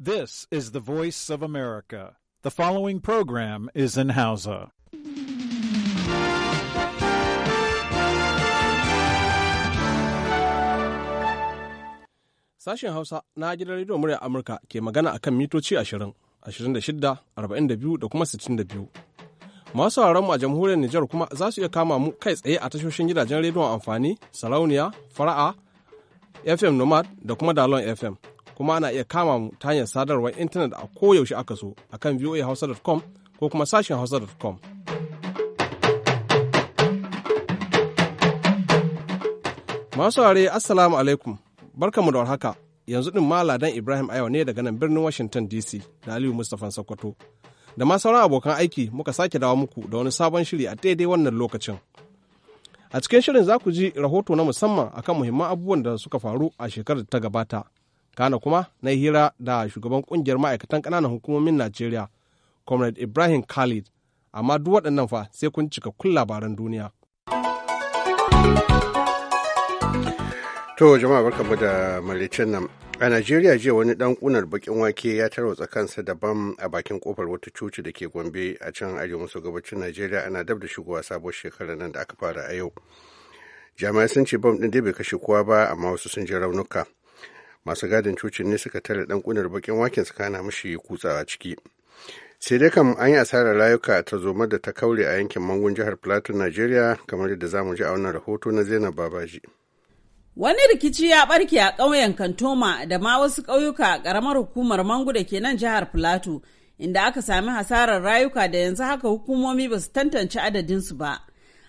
This is the voice of America. The following program is in Hausa. Sashen Hausa na gidan rediyon murya Amurka ke magana a kan mitoci 20, 26, 42 da kuma 62. Masu mu a jamhuriyar Nijar kuma za su iya kama mu kai tsaye a tashoshin gidajen rediyon amfani, sarauniya, fara'a, FM Nomad da kuma Dalon FM. kuma ana iya kama mu ta hanyar sadarwar intanet a koyaushe aka so a kan voahausa.com ko kuma sashen hausa.com. Masu ware assalamu alaikum barkamu da warhaka yanzu ɗin ma Ladan Ibrahim Ayawa ne daga nan birnin Washington DC da Aliyu Mustapha Sokoto. Da ma sauran abokan aiki muka sake dawo muku da wani sabon shiri a daidai wannan lokacin. A cikin shirin za ku ji rahoto na musamman akan muhimman abubuwan da suka faru a shekarar da ta gabata. Kana kuma na hira da shugaban kungiyar ma'aikatan ƙananan hukumomin Najeriya, Comrade Ibrahim Khalid, amma duk waɗannan fa sai kun cika kun labaran duniya. To jama'a barkamu da malicin nan. A Najeriya jiya wani dan ƙunar bakin wake ya tarwatsa kansa daban a bakin kofar wata coci da ke Gombe a can arewa maso gabacin Najeriya ana dab da shigowa sabuwar shekarar nan da aka fara a yau. Jami'ai sun ce bam ɗin dai bai kashe kowa ba amma wasu sun ji raunuka. masu gadin cocin ne suka tare dan kunar bakin wakin suka hana mashi kutsawa ciki sai dai kam an yi asarar rayuka ta zoma da ta kaure a yankin mangun jihar plateau nigeria kamar yadda zamu ji a wannan rahoto na zainab babaji Wani rikici ya barke a ƙauyen Kantoma da ma wasu ƙauyuka a ƙaramar hukumar Mangu da ke nan jihar plateau inda aka sami hasarar rayuka da yanzu haka hukumomi ba su tantance adadinsu ba.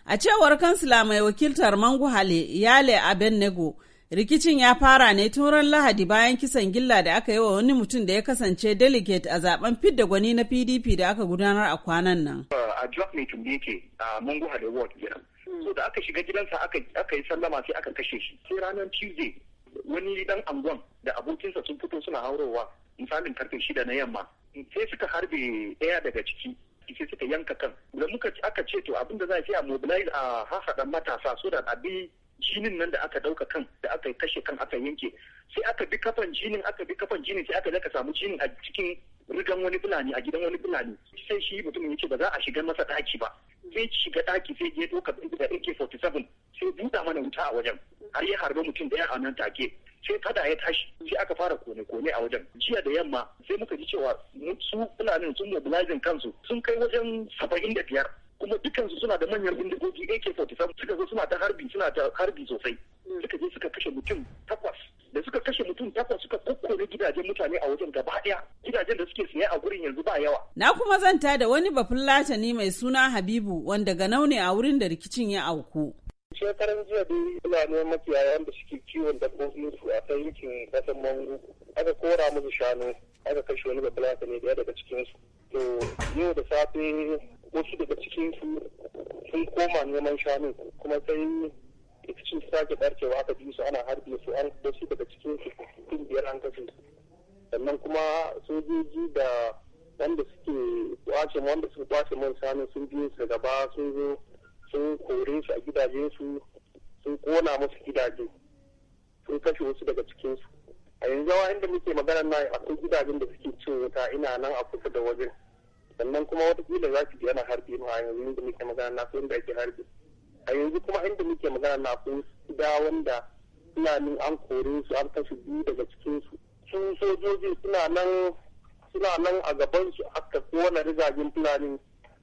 A cewar kansila mai wakiltar Mangu Hale, Yale Abenego, Rikicin ya fara ne tun ran Lahadi bayan kisan gilla da aka yi wa wani mutum da ya kasance delegate a zaben fidda gwani na PDP da aka gudanar a kwanan nan. Uh, a drug ne a Munguha Ward kenan. Hmm. da aka shiga gidansa aka yi sallama sai aka kashe shi. Sai ranar Tuesday wani dan angon da abokinsa sun fito suna haurowa misalin karfe shida na yamma. Sai suka harbe daya daga ciki sai suka yanka kan. Da muka aka ce to abin da za a yi a mobilize a haɗa matasa so da abin. jinin nan da aka ɗauka kan da aka kashe kan aka yanke sai aka bi kafan jinin aka bi kafan jinin sai aka ka samu jinin a cikin rigan wani fulani a gidan wani fulani sai shi mutumin ya ce ba za a shiga masa ɗaki ba sai shiga ɗaki sai je doka bindiga AK47 sai buɗa mana wuta a wajen har ya harba mutum da ya a nan take sai fada ya tashi sai aka fara kone-kone a wajen jiya da yamma sai muka ji cewa su fulanin sun mobilizin kansu sun kai wajen saba'in da biyar kuma dukansu suna da manyan bindigogi AK47 suka zo suna ta harbi suna ta harbi sosai hmm. suka je suka kashe mutum takwas da suka kashe mutum takwas suka kokkore gidajen mutane a wajen gaba daya gidajen da suke siye a gurin yanzu ba yawa na kuma zanta da wani bafin latani mai suna Habibu wanda ganau ne a wurin da rikicin ya auku shekaran jiya ina ne makiyayan da suke kiwon dabbobin su a kan yankin kasan mangu aka kora musu shanu aka kashe wani babban ne daya daga cikinsu to yau da safe wasu daga cikin su sun koma neman shanu kuma sai rikicin sake barkewa aka bi su ana harbe su an wasu daga cikin su sun biyar an kashe su sannan kuma sojoji da wanda suke kwace wanda suka kwace man shanu sun biyo su gaba sun zo sun kore su a gidajen su sun kona musu gidaje sun kashe wasu daga cikin su a yanzu inda muke magana na akwai gidajen da suke cin wuta ina nan a kusa da wajen sannan kuma watakila za su ji ana harbi ma a yanzu inda muke magana na su inda ake harbi a yanzu kuma inda muke magana na su da wanda suna nin an kore su an kashe biyu daga cikin su su sojoji suna nan suna nan a gaban su aka kona rigajin fulani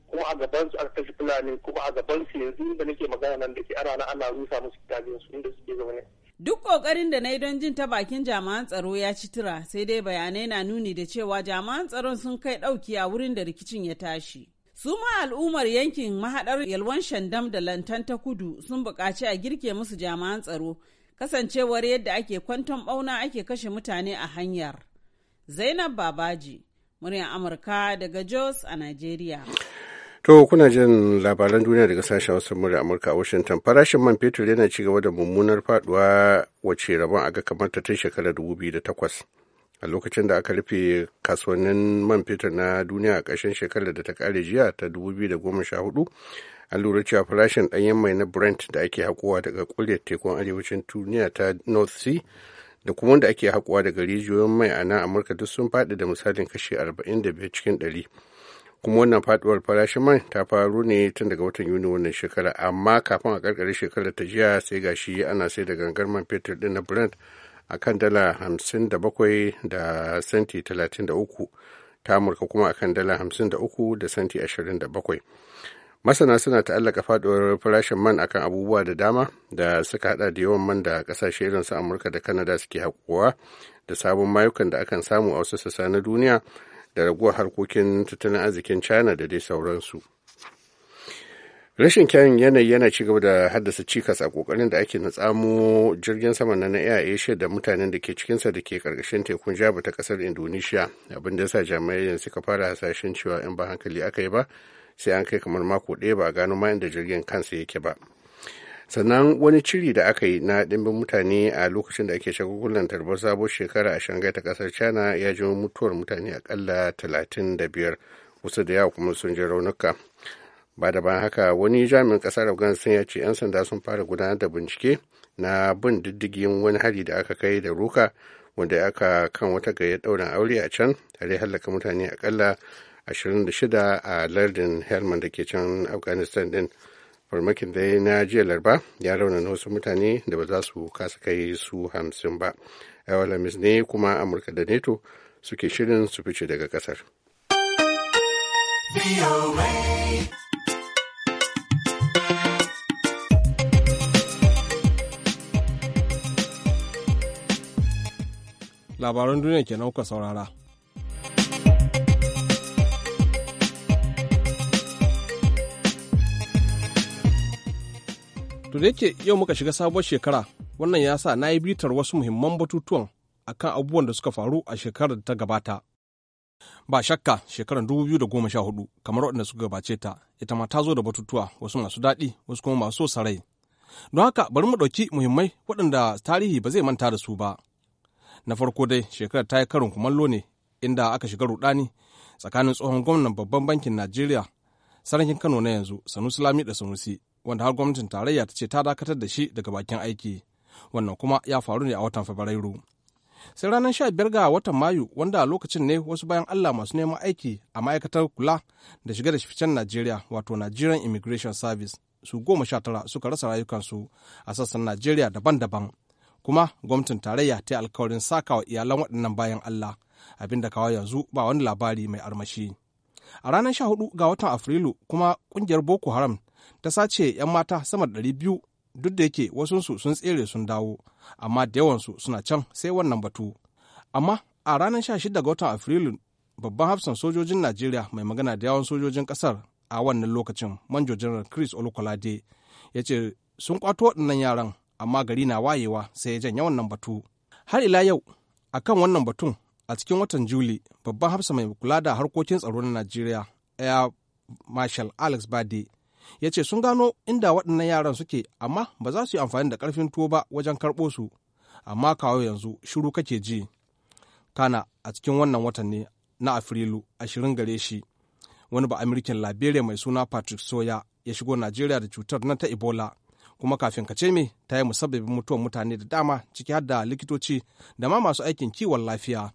kuma a gaban su aka kashe fulani kuma a gaban su yanzu inda nake magana nan da ke ana ana rusa musu gidajen su inda suke zaune Duk ƙoƙarin da na yi don jin ta bakin jami'an tsaro ya ci tura sai dai bayanai na nuni da cewa jami'an tsaron sun kai ɗauki a wurin da rikicin ya tashi. Su ma al'ummar yankin mahaɗar yalwan shandam da lantan ta kudu sun buƙaci a girke musu jami'an tsaro kasancewar yadda ake kwanton ɓauna ake kashe mutane a hanyar. Zainab Babaji, muryar Amurka daga Jos a Najeriya. To kuna jin labaran duniya daga sashen wasu murya Amurka a Washington. Farashin man fetur yana ci gaba da mummunar faduwa wace rabon aga kamar ta tun shekarar 2008. A lokacin da aka rufe kasuwannin man fetur na duniya a ƙarshen shekarar da ta kare jiya ta 2014, an lura cewa farashin ɗanyen mai na Brent da ake haƙowa daga ƙuryar tekun arewacin duniya ta North Sea da kuma wanda ake haƙowa daga rijiyoyin mai a nan Amurka duk sun faɗi da misalin kashi 45 cikin ɗari. kuma wannan faduwar farashin man ta faru ne tun daga watan yuni wannan shekara amma kafin a karkare shekarar ta jiya sai gashi ana sai da gangar man fetur din na brent a kan dala hamsin da senti talatin ta amurka kuma a kan dala hamsin da senti ashirin da masana suna ta'allaka faduwar farashin man akan abubuwa da dama da suka hada da yawan man da kasashe irin amurka da kanada suke hakuwa da sabon mayukan da akan samu a wasu sassa na duniya da raguwar harkokin tattalin arzikin china da dai sauransu rashin kyan yanayi yana ci gaba da haddasa cikas a kokarin da ake na tsamo jirgin sama na air asia da mutanen da ke cikinsa da ke karkashin tekun jaba ta kasar indonesia abin da sa jami'ai suka fara hasashen cewa in ba hankali aka yi ba sai an kai kamar mako ɗaya ba gano ma inda jirgin kansa yake ba sannan wani ciri da aka yi na ɗimbin mutane a lokacin da ake shagulgulan tarbar sabon shekara a shangai ta kasar china ya ji mutuwar mutane akalla talatin da biyar wasu da yawa kuma sun ji raunuka ba da ban haka wani jami'in ƙasar afghanistan ya ce 'yan sanda sun fara gudanar da bincike na bin diddigin wani hari da aka kai da roka wanda aka kan wata gayyar ɗaurin aure a can tare hallaka mutane akalla 26 a lardin helmand da ke can afghanistan din farmakin da ya na jiya larba ya rauna na wasu mutane da ba za su kasa kai su hamsin ba awalamis ne kuma amurka da neto suke shirin su fice daga kasar labaran duniya ke nauka saurara To da yake yau muka shiga sabuwar shekara wannan ya sa na yi bitar wasu muhimman batutuwan akan abubuwan da suka faru a shekarar da ta gabata. Ba shakka shekarar da goma sha hudu kamar waɗanda suka gabace ta ita ma ta zo da batutuwa wasu masu daɗi wasu kuma masu sarai. Don haka bari mu ɗauki muhimmai waɗanda tarihi ba zai manta da su ba. Na farko dai shekarar ta yi karin kumallo ne inda aka shiga ruɗani tsakanin tsohon gwamnan babban bankin Najeriya sarakin Kano na yanzu Sanusi Lami da Sanusi wanda har gwamnatin tarayya ta ce ta dakatar da shi daga bakin aiki wannan kuma ya faru ne a watan fabrairu sai ranar sha biyar ga watan mayu wanda a lokacin ne wasu bayan allah masu neman aiki a ma'aikatar kula da shiga da ficen najeriya wato nigerian immigration service su goma sha tara suka rasa rayukansu a sassan najeriya daban-daban kuma gwamnatin tarayya ta yi alkawarin saka wa iyalan waɗannan bayan allah abin da kawo yanzu ba wani labari mai armashi a ranar sha hudu ga watan afrilu kuma kungiyar boko haram ta sace 'yan mata sama da ɗari biyu duk da yake wasunsu sun tsere sun dawo amma da yawansu suna can sai wannan batu amma a ranar 16 ga watan afrilu babban hafsan sojojin najeriya mai magana da yawan sojojin kasar a wannan lokacin manjo janar chris olukolade ya ce sun kwato waɗannan yaran amma gari na wayewa sai ya janye wannan batu har ila yau a kan wannan batun a cikin watan juli babban hafsa mai kula da harkokin tsaro na najeriya air marshal alex bade ya ce sun gano inda waɗannan yaran suke amma ba za su yi amfani da ƙarfin tuwo ba wajen karɓo su amma kawo yanzu shiru kake ji kana a cikin wannan watan ne na afrilu ashirin gare shi wani ba amurkin liberia mai suna patrick soya ya shigo najeriya da cutar nan ta ebola kuma kafin ka ce me ta yi musabbabin mutuwar mutane da dama ciki har da likitoci da ma masu aikin kiwon lafiya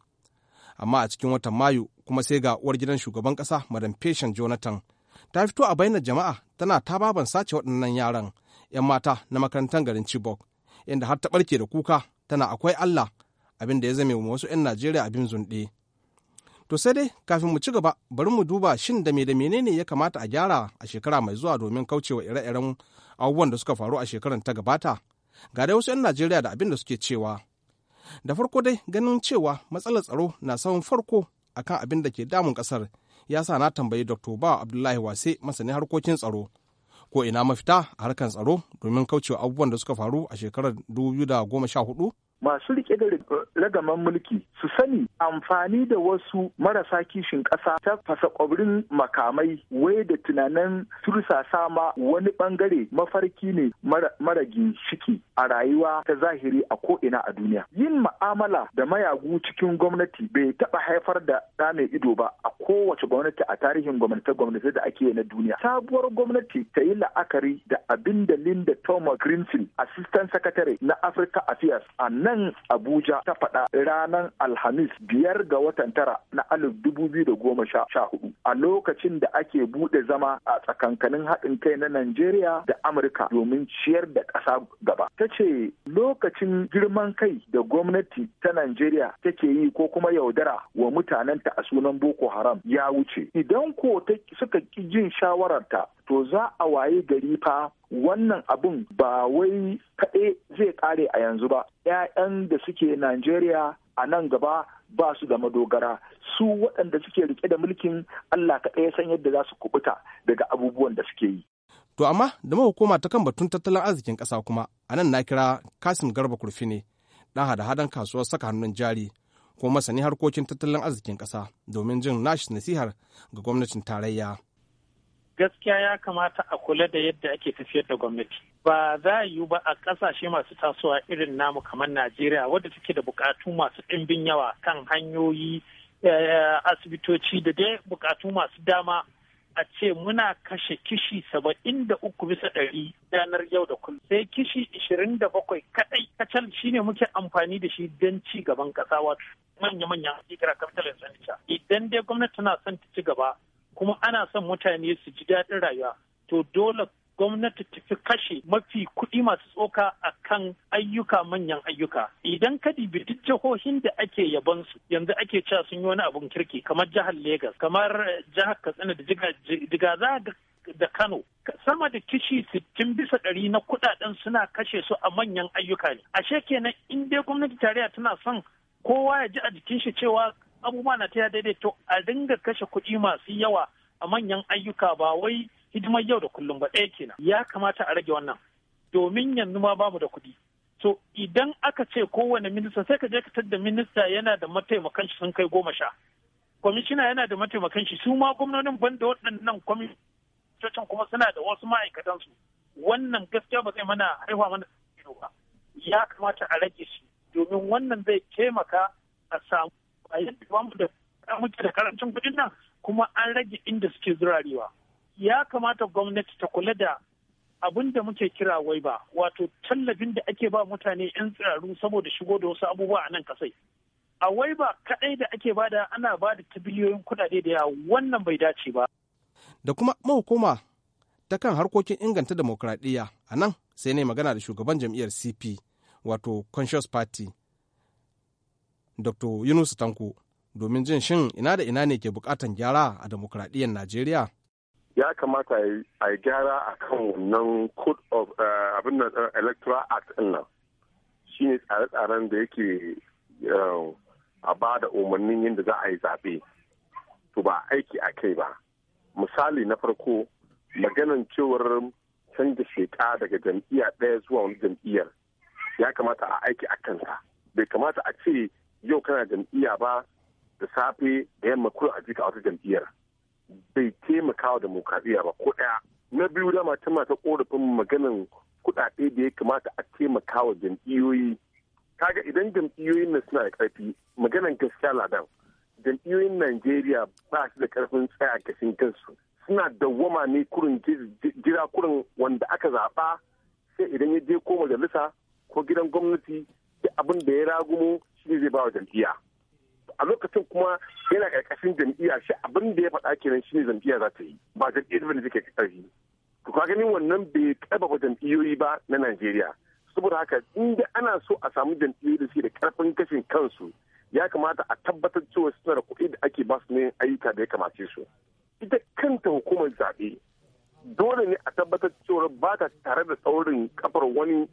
amma a cikin watan mayu kuma sai ga uwar gidan shugaban kasa madam patient jonathan ta fito a bainar jama'a tana ta baban sace waɗannan yaran 'yan mata na makarantar garin Chibok, inda har ta ɓarke da kuka tana akwai Allah abin da ya zame wasu 'yan Najeriya abin zunɗe. To sai dai kafin mu ci gaba bari mu duba shin da me da menene ya kamata a gyara a shekara mai zuwa domin kauce wa ire-iren abubuwan da suka faru a shekarar ta gabata. Ga dai wasu 'yan Najeriya da abin da suke cewa. Da farko dai ganin cewa matsalar tsaro na samun farko akan abin da ke damun kasar ya sa na tambayi dr ba abdullahi wase masanin harkokin tsaro ko ina mafita a harkar tsaro domin kaucewa abubuwan da suka faru a shekarar 2014 masu rike da ragaman mulki su sani amfani da wasu marasa kishin ƙasa ta fasa ƙwabrin makamai wai da tunanin tursasa ma wani ɓangare mafarki ne mara ginshiki a rayuwa ta zahiri a ko'ina a duniya. Yin ma'amala da mayagu cikin gwamnati bai taɓa haifar da ɗa ido ba a kowace gwamnati a tarihin gwamnati-gwamnati da ake na duniya. Sabuwar gwamnati ta yi la'akari da abin da Linda Thomas Greenfield, Assistant Secretary na Africa Affairs a nan abuja ta faɗa ranar alhamis biyar ga watan tara na alif dubu biyu da goma sha hudu a lokacin da ake buɗe zama a tsakankanin haɗin kai na najeriya da amurka domin ciyar da ƙasa gaba ta ce lokacin girman kai da gwamnati ta najeriya take yi ko kuma yaudara wa mutanenta a sunan boko haram ya wuce idan ko suka ƙi jin shawararta to za a waye gari fa wannan abun ba wai kaɗai zai ƙare a yanzu ba 'ya'yan da suke Najeriya a nan gaba ba su da madogara su waɗanda suke rike da mulkin Allah kaɗai ya san yadda za su kubuta daga abubuwan da suke yi. To amma da mahukuma ta kan batun tattalin arzikin ƙasa kuma a nan na kira Kasim Garba Kurfi ne ɗan hada-hadan kasuwar saka hannun jari ko masani harkokin tattalin arzikin ƙasa domin jin nashi nasihar ga gwamnatin tarayya. gaskiya ya kamata a kula da yadda ake tafiyar da gwamnati ba za a yiwu ba a ƙasashe masu tasowa irin namu kamar najeriya wadda take da buƙatu masu ɗimbin yawa kan hanyoyi eh, asibitoci da dai buƙatu masu dama a ce muna kashe kishi saba'in da uku bisa ɗari yanar yau da kullum sai kishi ishirin da bakwai kaɗai kacal shine muke amfani da shi don ci gaban ƙasa wato manya-manyan hakikar capital idan dai gwamnati tana son ta ci gaba kuma ana son mutane su ji daɗin rayuwa to dole gwamnati ta fi kashe mafi kuɗi masu tsoka a kan ayyuka manyan ayyuka. Idan ka dibi duk jihohin da ake yaban su yanzu ake cewa sun yi wani abun kirki kamar jihar Legas, kamar eh, jihar Katsina da za da Kano. Sama da kishi sittin bisa ɗari na kuɗaɗen suna kashe su a manyan ayyuka ne. Ashe kenan in dai gwamnati tarayya tana son kowa ya ji a jikin shi cewa abubuwa na ta daidai to a dinga kashe kuɗi masu yawa a manyan ayyuka ba wai hidimar yau da kullum ba ɗaya kenan ya kamata a rage wannan domin yanzu ma bamu da kuɗi to idan aka ce kowane minista sai ka je ka da minista yana da mataimakan shi sun kai goma sha kwamishina yana da mataimakan shi su ma gwamnonin ban da waɗannan kwamishin kuma suna da wasu ma'aikatansu wannan gaskiya ba zai mana haihuwa mana ba ya kamata a rage shi domin wannan zai taimaka a samu ba yadda da karancin kuɗin nan kuma an rage inda suke zurarewa ya kamata gwamnati ta kula da abin da muke kira wai ba wato tallafin da ake ba mutane 'yan tsiraru saboda shigo da wasu abubuwa a nan kasai a wai ba kaɗai da ake bada ana ba da ta biliyoyin kuɗaɗe da yawa wannan bai dace ba da kuma mahukuma ta kan harkokin inganta demokradiyya a nan sai ne magana da shugaban jam'iyyar cp wato conscious party dr yunus tanko domin jin shin ina da ina ne ke bukatan gyara a demokradiyyar najeriya ya kamata a yi gyara a kan wannan code of eh, eh, electoral act nan shi ne tsare-tsaren da yake eh, a ba da umarnin yadda za a yi zaɓe to ba aiki a kai ba misali na farko maganan cewar canza sheka daga jam'iyya ɗaya zuwa wani jam'iyyar ya kamata a aiki a kansa bai kamata a ce yau kana jam'iyya ba da safe da yamma kula a jika wata jam'iyyar bai taimaka wa demokradiyya ba ko ɗaya na biyu dama ta mata korafin maganin kuɗaɗe da ya kamata a taimaka wa jam'iyyoyi kaga idan jam'iyyoyin nan suna da ƙarfi maganan gaskiya ladan jam'iyyoyin najeriya ba su da ƙarfin tsaya gashin kansu suna dawwama ne kurin jira kurin wanda aka zaɓa sai idan ya je ko majalisa ko gidan gwamnati da abin da ya ragumo ne zai ba wa jam'iyya a lokacin kuma yana karkashin jam'iyya shi abin da ya faɗa kenan shine jam'iyya za ta yi ba jam'iyyar da take ƙarfi ku ka gani wannan bai ƙarfafa jam'iyyoyi ba na Najeriya saboda haka inda ana so a samu jam'iyyoyi da suke da ƙarfin kashin kansu ya kamata a tabbatar cewa suna da kuɗi da ake ba su ne ayyuka da ya kamace su ita kanta hukumar zaɓe dole ne a tabbatar cewa ba ta tare da tsaurin kafar wani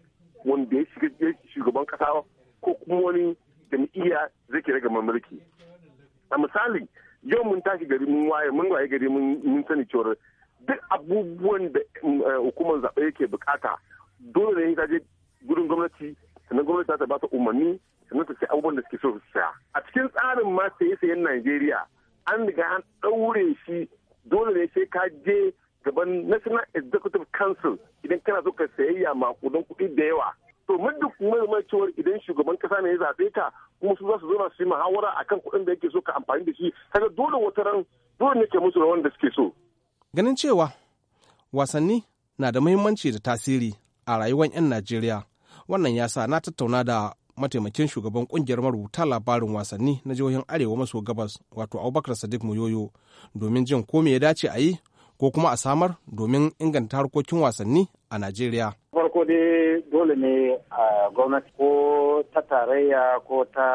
wanda ya shiga shugaban kasa ko kuma wani jam'iyya zai ke rage mulki a misali yau mun tashi gari mun waye mun waye gari mun sani cewar duk abubuwan da mm, eh, hukumar zaɓe yake bukata dole ne ta je gudun gwamnati sannan gwamnati ta ba ta umarni sannan ta ce abubuwan da suke so su saya a cikin tsarin ma saye-sayen najeriya an riga an ɗaure shi dole ne sai ka je gaban national executive council idan kana so ka sayayya makudan kuɗi da yawa to duk kuma idan shugaban kasa ne ya zaɓe ta kuma su za su zauna su yi muhawara akan kuɗin da yake so ka amfani da shi kaga dole wata ran dole ne ke musu rawan da suke so ganin cewa wasanni na da muhimmanci da tasiri a rayuwar 'yan Najeriya wannan ya sa na tattauna da mataimakin shugaban kungiyar marubuta labarin wasanni na jihohin arewa maso gabas wato abubakar sadiq muyoyo domin jin ko me ya dace a yi ko kuma a samar domin inganta harkokin wasanni a Najeriya? Farko dai dole ne a gwamnati ko ta tarayya ko ta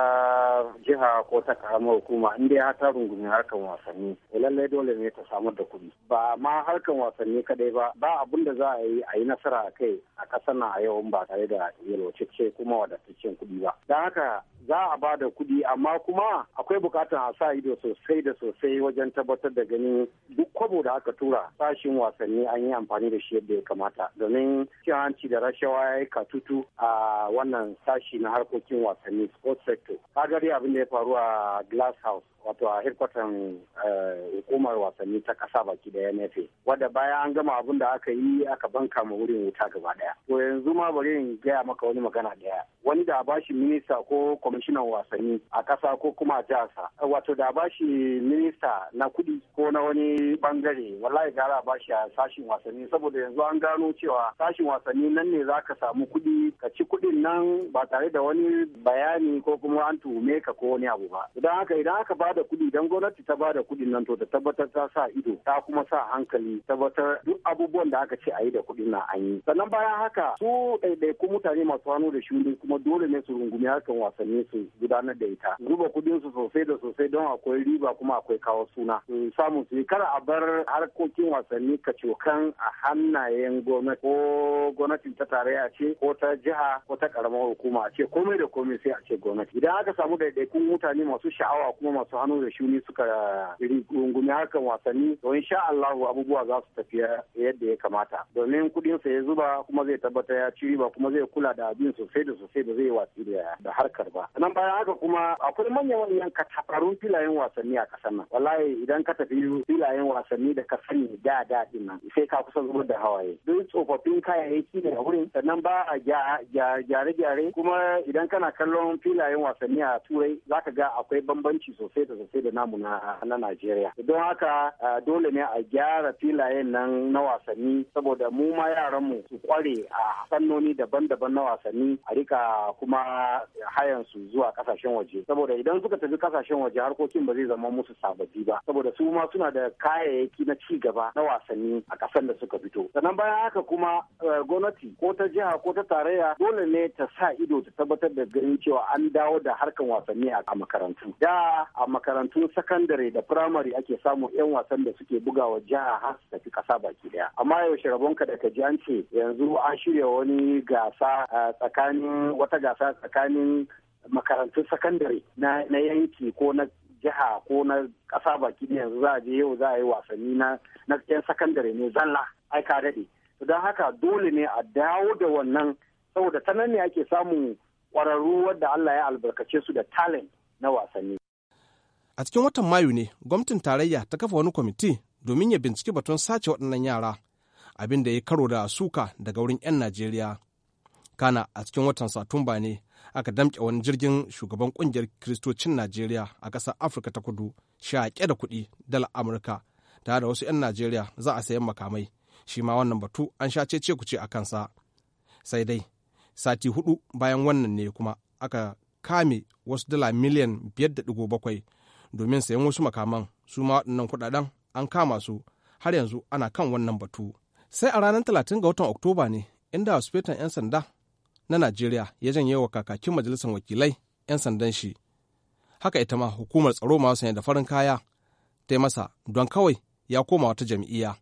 jiha ko ta karamar hukuma inda ya ta rungumi harkan wasanni. Lallai dole ne ta samar da kuɗi. Ba ma harkan wasanni kadai ba, ba abin da za a yi a yi nasara a kai a ƙasar na a yau ba tare da yalwacecce kuma wadataccen kuɗi ba. Don haka za a ba da kuɗi amma kuma akwai bukatar a sa ido sosai da sosai wajen tabbatar da ganin duk kwabo da aka tura sashin wasanni an yi amfani da shi yadda ya kamata. Don domin cin hanci da rashawa ya yi katutu a wannan sashi na harkokin wasanni sports sector. Kagari abin da ya faru a Glass House wato a hirkwatan eh, hukumar wasanni ta kasa baki da NFA wadda baya an gama abin da aka yi aka banka ma wurin wuta gaba daya to yanzu ma bari in gaya maka wani magana daya wani da bashi minista ko kwamishinan wasanni a kasa ko kuma a jiharsa eh, wato da bashi minista na kudi ko na wani bangare wallahi gara bashi a sashin wasanni saboda yanzu an gano cewa cewa sashin wasanni nan ne za ka samu kuɗi ka ci kuɗin nan ba tare da wani bayani ko kuma an tuhume ka ko wani abu ba idan haka idan aka ba da kuɗi dan gwamnati ta ba da kuɗin nan to da tabbatar ta sa ido ta kuma sa hankali tabbatar duk abubuwan da aka ce a yi da kuɗin nan an yi sannan bayan haka su ɗaiɗaiku mutane masu hannu da shuni kuma dole ne su rungumi harkan wasanni su gudanar da ita zuba kuɗin su sosai da sosai don akwai riba kuma akwai kawo suna samun su kar a bar harkokin wasanni kacokan a hannayen gwamnati ko gwamnatin ta tarayya ce ko ta jiha ko ta karamar hukuma a ce komai da komai sai a ce gwamnati idan aka samu daidaikun mutane masu sha'awa kuma masu hannu da shuni suka rungumi harkar wasanni to insha Allahu abubuwa za su tafi yadda ya kamata domin kuɗin sa ya zuba kuma zai tabbata ya ci riba kuma zai kula da abin sosai da sosai ba zai watsi da harkar ba nan bayan haka kuma akwai manyan manyan katafarun filayen wasanni a kasar nan wallahi idan ka tafi filayen wasanni da ka sani da da din nan sai ka kusa zubar da hawaye duk tsofaffin kayayyaki ne a wurin sannan ba a gyare-gyare kuma idan kana kallon filayen wasanni a turai za ka ga akwai bambanci sosai da sosai da namu na Najeriya don haka dole ne a gyara filayen nan na wasanni saboda mu ma yaran mu su kware a fannoni daban-daban na wasanni a rika kuma hayan su zuwa kasashen waje saboda idan suka tafi kasashen waje harkokin ba zai zama musu sababbi ba saboda su ma suna da kayayyaki na ci gaba na wasanni a kasan da suka fito sannan bayan haka kuma kuma eh, gwamnati ko ta jiha ko ta tarayya dole ne ta sa ido ta tabbatar da ganin cewa an dawo da harkan wasanni a makarantu da a makarantun sakandare da firamare ake samu 'yan wasan da suke bugawa jiha har su tafi kasa baki daya amma yaushe rabonka da ka ji an ce yanzu an shirya wani gasa eh, tsakanin wata gasa tsakanin makarantun sakandare na yanki ko na jiha ko na ƙasa baki ne yanzu za a je yau za a yi wasanni na 'yan sakandare ne zalla ai ka daɗe don haka dole ne a dawo da wannan saboda ta nan ne ake samun ƙwararru wadda Allah ya albarkace su da talent na wasanni. A cikin watan Mayu ne gwamnatin tarayya ta kafa wani kwamiti domin ya binciki batun sace waɗannan yara abin da ya karo da suka daga wurin 'yan Najeriya. Kana a cikin watan Satumba ne aka damƙe wani jirgin shugaban ƙungiyar Kiristocin Najeriya a ƙasar Afirka ta kudu shaƙe da kuɗi dala Amurka tare da wasu 'yan Najeriya za a sayan makamai shi ma wannan batu an sha cece kuce a kansa sai dai sati hudu bayan wannan ne kuma aka kame wasu dala miliyan biyar da digo bakwai domin sayan wasu makaman su ma waɗannan kuɗaɗen an kama su har yanzu ana kan wannan batu sai a ranar 30 ga watan oktoba ne inda hospital 'yan sanda na najeriya ya janye wa kakakin majalisar wakilai 'yan sandan shi haka ita ma hukumar tsaro masu sanya da farin kaya ta masa don kawai ya koma wata jam'iyya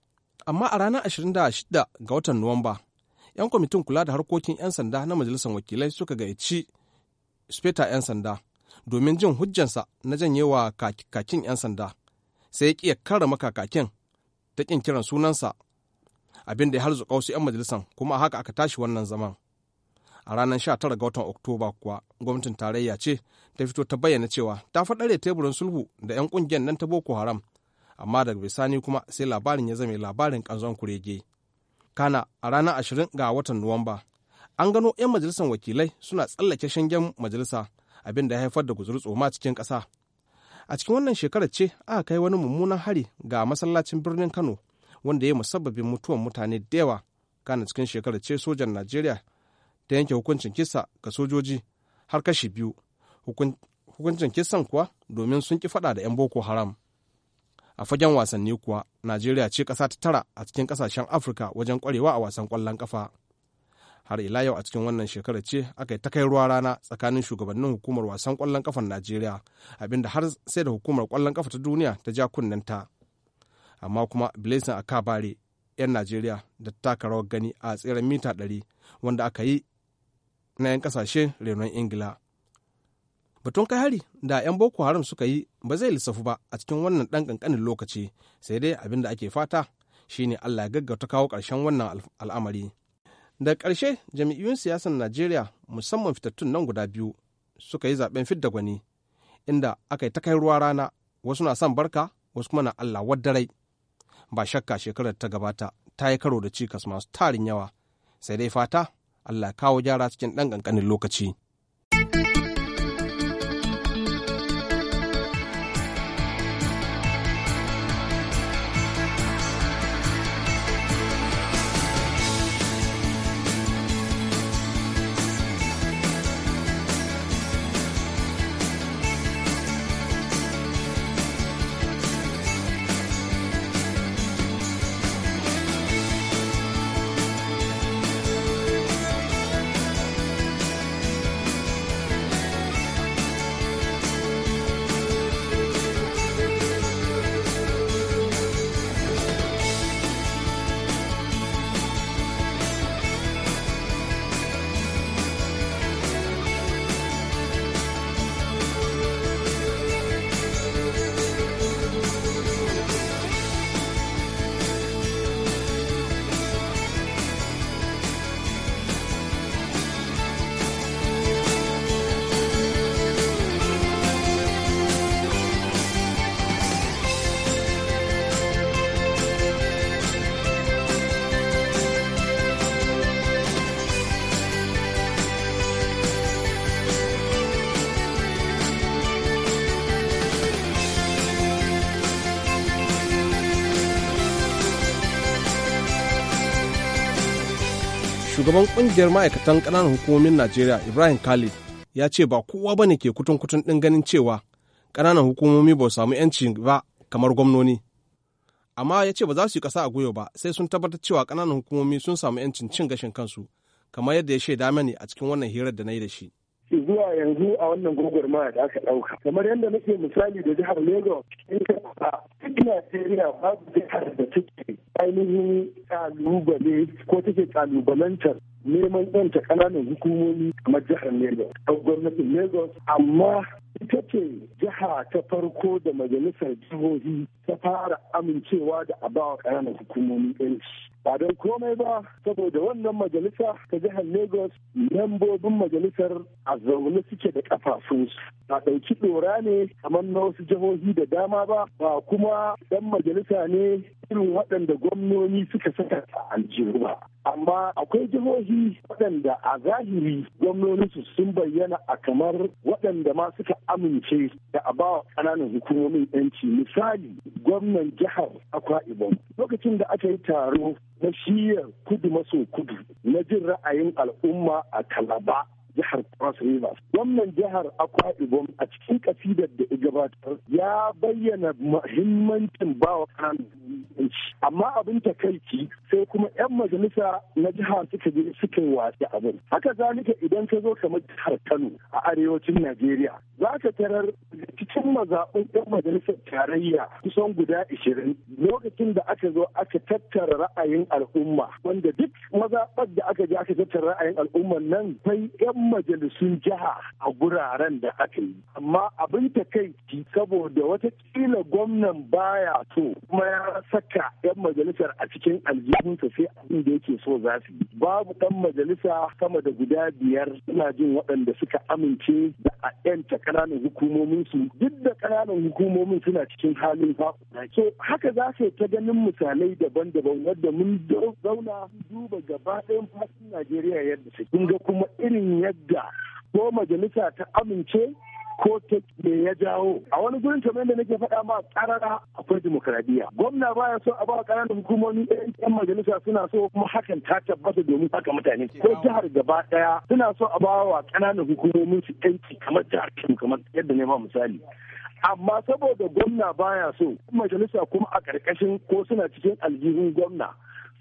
Amma a ranar 26 ga watan Nuwamba, 'yan kwamitin kula da harkokin 'yan sanda na Majalisar Wakilai suka gayyaci speta 'yan sanda domin jin hujjansa na janyewa kakin 'yan sanda sai ya ƙi ya maka makakakin ta ƙin kiran sunansa abin da ya harzuka wasu 'yan majalisar kuma a haka aka tashi wannan zaman a ranar 19 ga watan oktoba kuwa gwamnatin tarayya ce ta fito ta bayyana cewa ta faɗare teburin sulhu da 'yan ƙungiyar nan ta boko haram amma daga bisani kuma sai labarin ya zame labarin kanzon kurege kana a ranar ashirin ga watan nuwamba an gano 'yan majalisar wakilai suna tsallake shangen majalisa abin da ya haifar da guzuru tsoma cikin ƙasa a cikin wannan shekarar ce aka kai wani mummunan hari ga masallacin birnin kano wanda ya musabbabin mutuwan mutane da yawa kana cikin shekarar ce sojan najeriya ta yanke hukuncin kisa ga sojoji har kashi biyu hukuncin kisan kuwa domin sun ƙi faɗa da 'yan boko haram a fagen wasanni kuwa najeriya ce ƙasa ta tara a cikin ƙasashen afirka wajen ƙwarewa a wasan ƙwallon ƙafa har ila yau a cikin wannan shekara ce aka yi ta kai ruwa rana tsakanin shugabannin hukumar wasan ƙwallon ƙafan najeriya abinda har sai da hukumar ƙwallon ƙafa ta duniya ta ja kunnenta amma kuma blessing a 'yan najeriya da taka rawar gani a tseren mita 100 wanda aka yi na 'yan ƙasashe renon ingila batun kai hari da 'yan boko haram suka yi ba zai lissafu ba a cikin wannan ɗan ƙanƙanin lokaci sai dai abin da ake fata shine allah ya gaggauta kawo ƙarshen wannan al'amari da ƙarshe jami'in siyasar najeriya musamman fitattun nan guda biyu suka yi zaben fidda gwani inda aka yi ta ruwa rana wasu na son barka wasu kuma na allah wardarai ba shakka shekarar ta gabata ta yi karo da cikas masu tarin yawa sai dai fata allah ya kawo gyara cikin ɗan ƙanƙanin lokaci shugaban kungiyar ma'aikatan kananan hukumomin najeriya ibrahim khalid ya ce ba kowa bane ke kutun kutun din ganin cewa kananan hukumomi ba su samu yanci ba kamar gwamnoni amma ya ce ba za su yi kasa a goyo ba sai sun tabbatar cewa kananan hukumomi sun samu yancin cin gashin kansu kamar yadda ya shaida mani a cikin wannan hirar da na yi da shi zuwa yanzu a wannan ma da aka ɗauka kamar yadda nake misali da jihar lagos in ka a cikin najeriya babu jihar da take ainihin kalubale ko take kalubalantar neman ɗanta ƙananan hukumomi kamar jihar lagos a gwamnatin lagos amma ita ce jiha ta farko da majalisar jihohi ta fara amincewa da abawa ƙananan hukumomin yanci ba don komai ba saboda wannan majalisa ta jihar lagos membobin majalisar a zaune suke da ƙafafunsu ba ɗauki ɗora ne kamar na wasu jihohi da dama ba ba kuma ɗan majalisa ne irin waɗanda gwamnoni suka saka a aljihu ba amma akwai jihohi waɗanda a zahiri gwamnoninsu sun bayyana a kamar waɗanda ma suka amince da a bawa ƙananan hukumomin yanci misali gwamnan jihar akwa ibom lokacin da aka yi taro na shiyar kudu maso kudu na jin ra'ayin al'umma a kalaba jihar Cross Rivers. Gwamnan jihar Akwa Ibom a cikin kasidar da gabatar ya bayyana muhimmancin ba wa amma abin takaici sai kuma 'yan majalisa na jihar suka je suka yi wasi abin. Haka zalika idan ka zo kamar jihar Kano a arewacin Najeriya za ka tarar cikin mazaɓun 'yan majalisar tarayya kusan guda ashirin lokacin da aka zo aka tattara ra'ayin al'umma wanda duk mazaɓar da aka je aka tattara ra'ayin al'umma nan sai 'yan 'yan majalisun jiha a guraren da aka yi amma abin ta takaici saboda wata watakila gwamnan baya so kuma ya saka 'yan majalisar a cikin aljihunsa sai abin da yake so za su yi babu ɗan majalisa sama da guda biyar suna jin waɗanda suka amince da a 'yanta ƙananan hukumomin su duk da ƙananan hukumomin suna cikin halin faɗuɗa so haka za su ta ganin misalai daban-daban wadda mun zauna duba gaba ɗayan fasin najeriya yadda su kun ga kuma irin yadda yadda ko majalisa ta amince ko ta me ya jawo a wani gurin kamar yadda nake faɗa ma karara akwai demokradiyya gwamna baya so a ba ƙananan hukumomi yan majalisa suna so kuma hakan ta tabbata domin haka mutane ko jihar gaba ɗaya suna so a ba wa ƙananan hukumomin su yanci kamar jihar kamar yadda ne ma misali amma saboda gwamna baya so majalisa kuma a ƙarƙashin ko suna cikin aljihun gwamna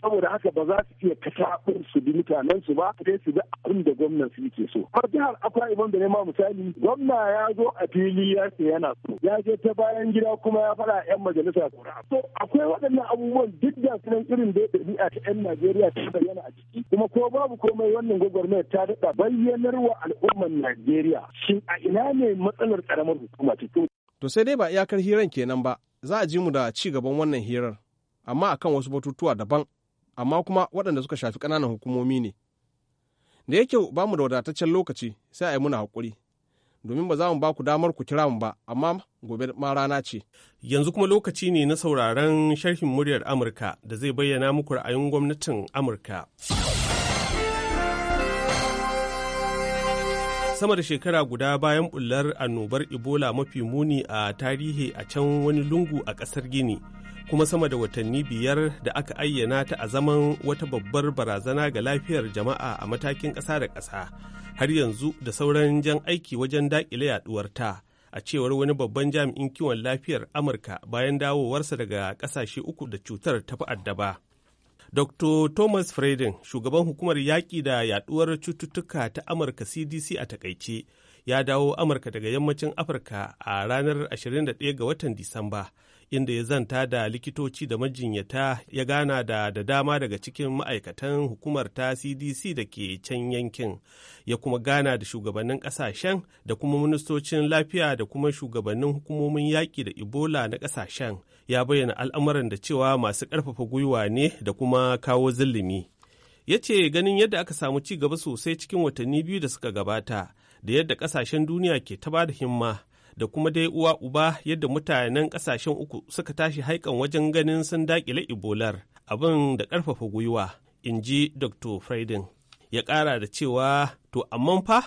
saboda haka ba za su iya kataɓin su bi mutanen su ba sai su bi abin da gwamnan su yake so har jihar akwa iban da nema misali gwamna ya zo a fili ya ce yana so ya je ta bayan gida kuma ya fara yan majalisa kura so akwai waɗannan abubuwan duk da sunan irin da a ta yan najeriya ta bayyana a ciki kuma ko babu komai wannan gwagwarmayar ta daɗa bayyanar wa al'ummar najeriya shin a ina ne matsalar karamar hukuma ta To sai dai ba iyakar hiran kenan ba, za a ji mu da ci gaban wannan hirar, amma akan wasu batutuwa daban. amma kuma waɗanda suka shafi ƙananan hukumomi ne da yake ba mu da wadataccen lokaci sai a yi muna haƙuri domin ba za mu ba ku damar ku kira mu ba amma gobe ma rana ce yanzu kuma lokaci ne na sauraron sharhin muryar amurka da zai bayyana muku ra'ayin gwamnatin amurka sama da shekara guda bayan bullar annobar ebola mafi muni a tarihi a can wani lungu a ƙasar gini kuma sama da watanni biyar da aka ayyana ta a zaman wata babbar barazana ga lafiyar jama'a a matakin ƙasa da ƙasa har yanzu da sauran jan aiki wajen daƙile yaduwar ta a cewar wani babban jami'in kiwon lafiyar amurka bayan dawowarsa daga ƙasashe uku da cutar ta fi addaba. dr thomas fredin shugaban hukumar yaƙi da Yaɗuwar cututtuka ta amurka cdc a takaice ya dawo amurka daga yammacin afirka a ranar 21 ga watan disamba inda ya zanta da likitoci da majinyata ya gana da da dama daga cikin ma'aikatan hukumar ta cdc da ke can yankin ya kuma gana da shugabannin kasashen da kuma ministocin lafiya da kuma shugabannin hukumomin yaƙi da ebola na kasashen ya bayyana al'amuran da cewa masu ƙarfafa gwiwa ne da kuma kawo zillimi ya ce ganin yadda aka samu ci gaba sosai cikin watanni biyu da suka gabata da yadda ƙasashen duniya ke ta ba da himma da kuma dai uwa uba yadda mutanen kasashen uku suka tashi haikan wajen ganin sun dakile ibolar abin da ƙarfafa gwiwa in ji dr friedin ya ƙara da cewa to amma fa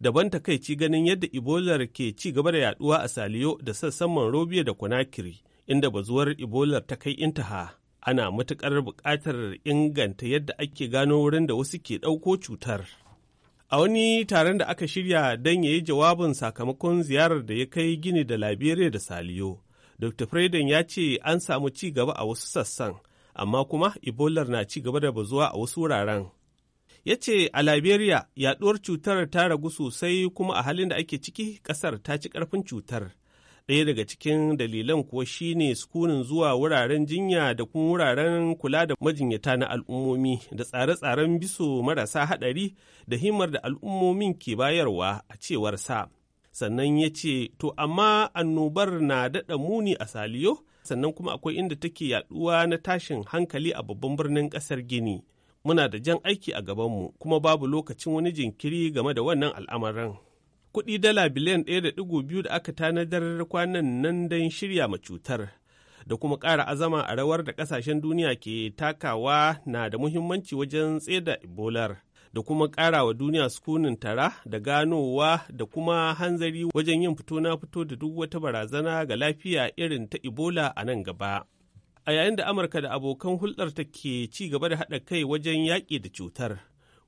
daban takaici ganin yadda ibolar ke ci gaba da yaduwa a saliyo da sassan monrovia da conakry inda bazuwar ibolar ta kai intaha ana matukar buƙatar inganta yadda ake gano wurin da wasu ke ɗauko cutar a wani taron da aka shirya don ya yi jawabin sakamakon ziyarar da ya kai gini da liberia da saliyo dr fredon ya ce an samu ci gaba a wasu sassan amma kuma ibolar na ci gaba da bazuwa a wasu wuraren ya ce a liberia yaɗuwar cutar ta ragu sosai kuma a halin da ake ciki ƙasar ta ci ƙarfin cutar ɗaya daga cikin dalilan kuwa shine sukunin zuwa wuraren jinya da kuma wuraren kula da majinyata na al'ummomi da tsare-tsaren biso marasa haɗari da himar da al'ummomin ke bayarwa a cewarsa. sannan ya ce to amma annobar na daɗa muni a saliyo sannan kuma akwai inda take yaɗuwa na tashin hankali a babban birnin ƙasar gini muna da jan aiki a gabanmu kuma babu lokacin wani jinkiri game da wannan al'amarin kuɗi dala biliyan ɗaya da biyu da aka tanadar kwanan nan don shirya ma cutar da kuma ƙara azama a rawar da ƙasashen duniya ke takawa na da muhimmanci wajen tseda ebolar da kuma ƙara wa duniya sukunin tara da ganowa da kuma hanzari wajen yin fito na fito da duk wata barazana ga lafiya irin ta ebola a nan gaba a yayin da amurka da abokan hulɗar ta ke ci gaba da haɗa kai wajen yaƙi da cutar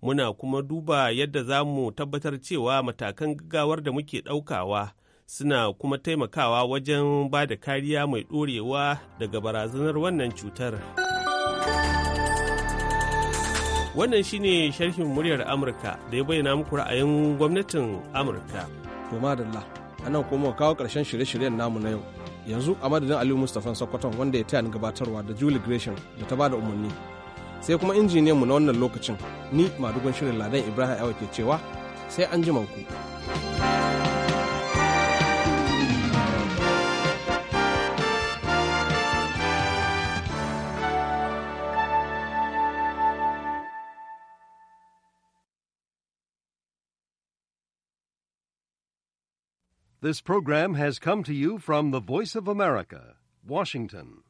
muna kuma duba yadda za mu tabbatar cewa matakan gaggawar da muke ɗaukawa suna kuma taimakawa wajen ba da kariya mai ɗorewa daga barazanar wannan cutar. Wannan shine sharhin muryar Amurka da ya bayyana muku ra'ayin gwamnatin Amurka. To madalla, anan kuma kawo ƙarshen shirye-shiryen namu na yau. Yanzu a madadin Aliyu Mustapha Sokoton wanda ya taya ni gabatarwa da Julie Gresham da ta da umarni. sai kuma injiniyanmu na wannan lokacin ni madugun shirin ladan ibrahim awa ke cewa sai an ji ku. This program has come to you from the Voice of America, Washington.